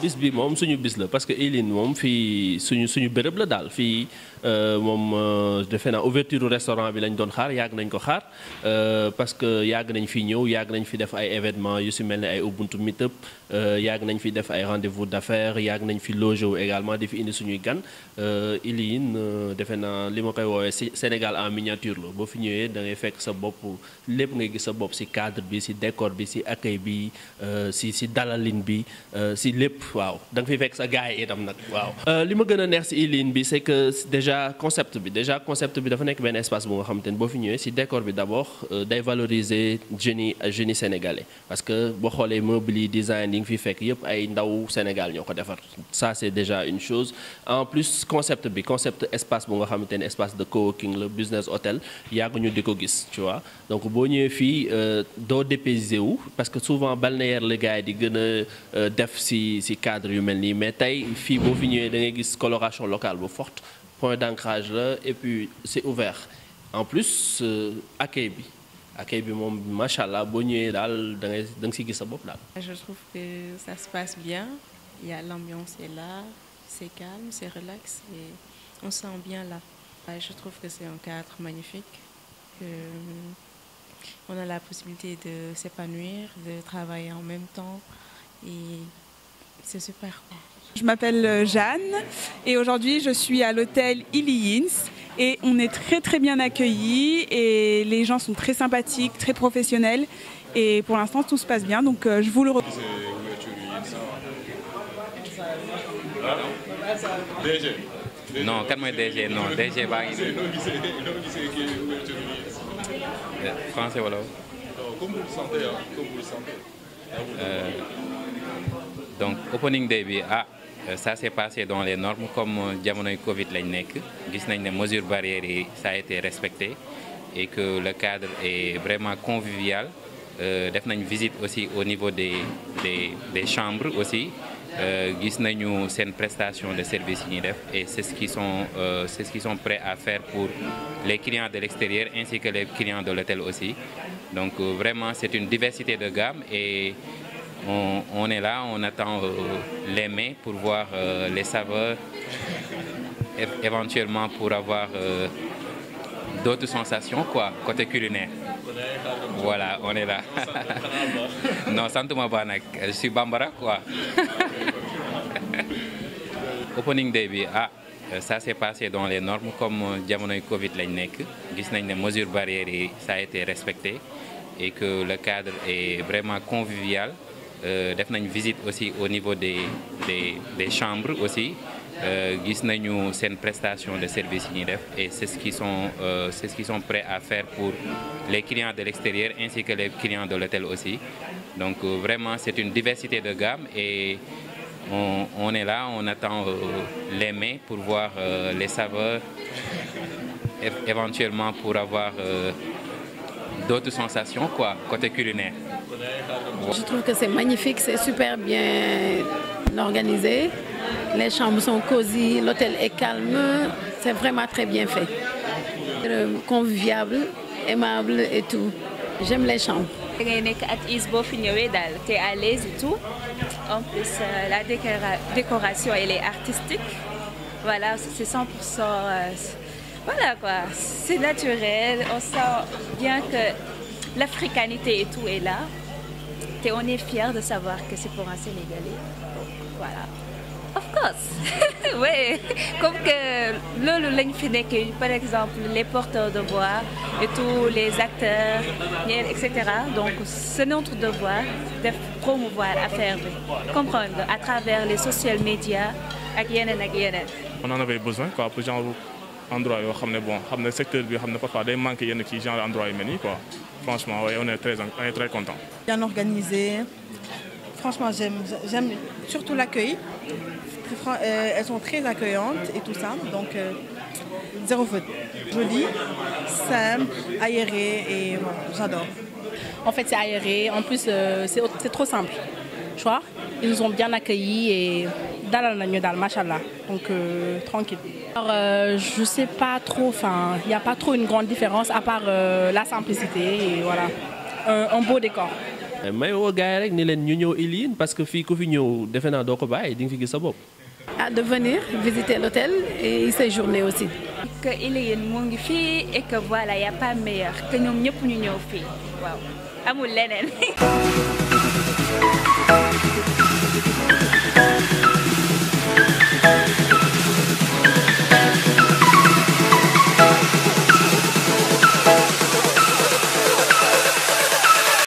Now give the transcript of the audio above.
bis bi moom suñu bis la parce que Eileen moom fii suñu suñu bërëb la daal fii euh, moom euh, defe naa ouverture restaurant bi lañ doon xaar yàgg nañ ko xaar euh, parce que yàgg nañ fi ñëw yàgg nañ fi def ay événements yu si mel ne ay ubuntu meetup yàgg nañ fi def ay rendez-vous d'affaires yàgg nañ fi loge également di fi indi suñuy gan Eileen defe naa li ma koy woowee Sénégal en miniature la boo fi ñëwee da ngay fekk sa bopp lépp ngay gis sa bopp si cadre bi si décor bi si accueil bi si si dalalin bi si lépp waaw da nga fi fekk sa gars yi itam nag waaw. Euh, li ma gën a neex si Iline bi c'est que déjà concept bi déjà concept bi dafa nekk benn espace bu nga xamante ni boo fi ñëwee si décor bi d'abord euh, day valoriser génie génie sénégalais parce que boo xoolee meubles yi design yi nga fi fekk yëpp ay ndaw Sénégal ñoo ko defar ça c'est déjà une chose en plus concept bi concept espace bu nga xamante ni espace de coworking la business hôtel yàgg ñu di ko gis tu vois donc boo ñëwee fii euh, doo dépayser wu parce que souvent balnéaire la gars yi di gën a def si si cadre humain, mais tey fii fi ñëwé da ngay gis coloration locale bu forte point d'ancrage et puis c'est ouvert en plus euh, accueil bi accueil bi moom macha da je trouve que ça se passe bien il y a l'ambiance est là c'est calme c'est relax et on sent bien là. je trouve que c'est un cadre magnifique que on a la possibilité de s'épanouir, de travailler en même temps et c'est super. Je m'appelle euh, Jeanne et aujourd'hui je suis à l'hôtel Iliins et on est très très bien accueillis et les gens sont très sympathiques, très professionnels et pour l'instant tout se passe bien donc euh, je vous le recommande. Hein? Hein? Non, DG non DG euh, vous le sentez. Hein, donc opening day bi ah euh, ça s'est passé dans les normes comme le euh, Covid l'a mesures barrières ça a été respecté et que le cadre est vraiment convivial euh, def une visite aussi au niveau des des chambres aussi gis une une prestation de service et c'est ce qu'ils sont c'est ce sont prêts à faire pour les clients de l'extérieur ainsi que les clients de l'hôtel aussi donc vraiment c'est une diversité de gamme et on, est là, on attend euh, les mets pour voir euh, les saveurs, éventuellement pour avoir euh, d'autres sensations, quoi, côté culinaire. Voilà, on est là. non, je suis Bambara, quoi. Opening day ah, ça s'est passé dans les normes comme le Covid mesures barrières ça a été respecté et que le cadre est vraiment convivial. Euh, def une visite aussi au niveau des des chambres aussi euh, gis nañu prestation de services et c'est ce qu'ils sont euh, c'est ce sont prêts à faire pour les clients de l'extérieur ainsi que les clients de l'hôtel aussi donc vraiment c'est une diversité de gamme et on, on est là, on attend les mains pour voir les saveurs, éventuellement pour avoir d'autres sensations quoi, côté culinaire. Je trouve que c'est magnifique, c'est super bien organisé. Les chambres sont cosy, l'hôtel est calme, c'est vraiment très bien fait. Conviable, aimable et tout. J'aime les chambres. à l'aise et tout. En plus, euh, la décoration, elle est artistique. Voilà, c'est 100% voilà quoi, c'est naturel, on sent bien que l'africanité et tout est là. Et on est fiers de savoir que c'est pour un Sénégalais. Voilà. Of course. oui. Comme que le Lenfinek, par exemple, les porteurs de voix et tous les acteurs, etc. Donc, c'est notre devoir de promouvoir à faire comprendre à travers les social media. On en avait besoin quoi, pour genre endroit bon secteur quoi franchement on est très on est très content. bien organisé franchement j'aime j'aime surtout l'accueil euh, elles sont très accueillantes et tout ça donc euh, zéro faute joli simple aéré et j'adore. En fait c'est aéré en plus euh, c'est trop simple tu vois ils nous ont bien accueillis et dalal nañu dal machallah donc euh, tranquille. alors euh, je sais pas trop enfin il y a pas trop une grande différence à part euh, la simplicité et voilà un beau décor. Eh, mais au gars rek ni len ñu ñëw Illine parce que fi ku fi ñëw defe naa doo ko bàyyi fi gis sa bopp. ah de venir visiter l'hôtel et y séjourner aussi. que Illine mo ngi fi et que voilà il y a pas meilleur que ñom ñëpp ñu ñëw fi waaw amul leneen.